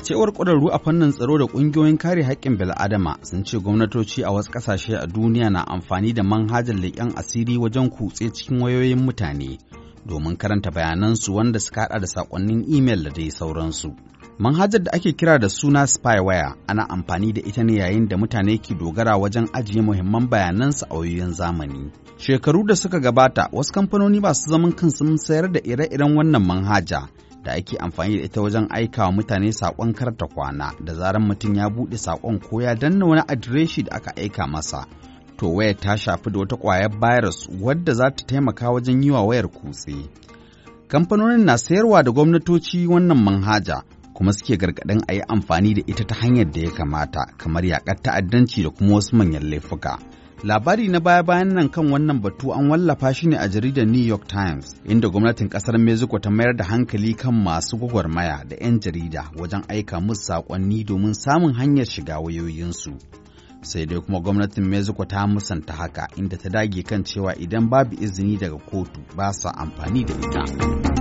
A cewar ƙwararru a fannin tsaro da ƙungiyoyin kare haƙƙin bil'adama sun ce gwamnatoci a wasu ƙasashe a duniya na amfani da manhajar leƙen asiri wajen kutse cikin wayoyin mutane domin karanta bayanansu wanda suka haɗa da saƙonnin imel da dai sauransu. Manhajar da ake kira da suna spyware ana amfani da ita ne yayin da mutane ke dogara wajen ajiye muhimman bayanansu a wayoyin zamani. Shekaru da suka gabata wasu kamfanoni masu zaman kansu sun sayar da ire-iren wannan manhaja da ake amfani da ita wajen aika wa mutane saƙon karta kwana da zaran mutum ya buɗe saƙon ko ya danna wani adireshi da aka aika masa to wayar ta shafi da wata ƙwayar virus wadda za ta taimaka wajen yi wa wayar kutse kamfanonin na sayarwa da gwamnatoci wannan manhaja kuma suke gargaɗin a yi amfani da ita ta hanyar da ya kamata kamar yaƙar ta'addanci da kuma wasu manyan laifuka Labari na baya-bayan nan kan wannan batu an wallafa shi ne a jaridar New York Times, inda gwamnatin kasar Mexico ta mayar da hankali kan masu gwagwarmaya da 'yan jarida wajen aika musu saƙonni domin samun hanyar shiga wayoyinsu. Sai dai kuma gwamnatin Mexico ta musanta haka inda ta dage kan cewa idan babu izini daga kotu ba sa amfani da ita.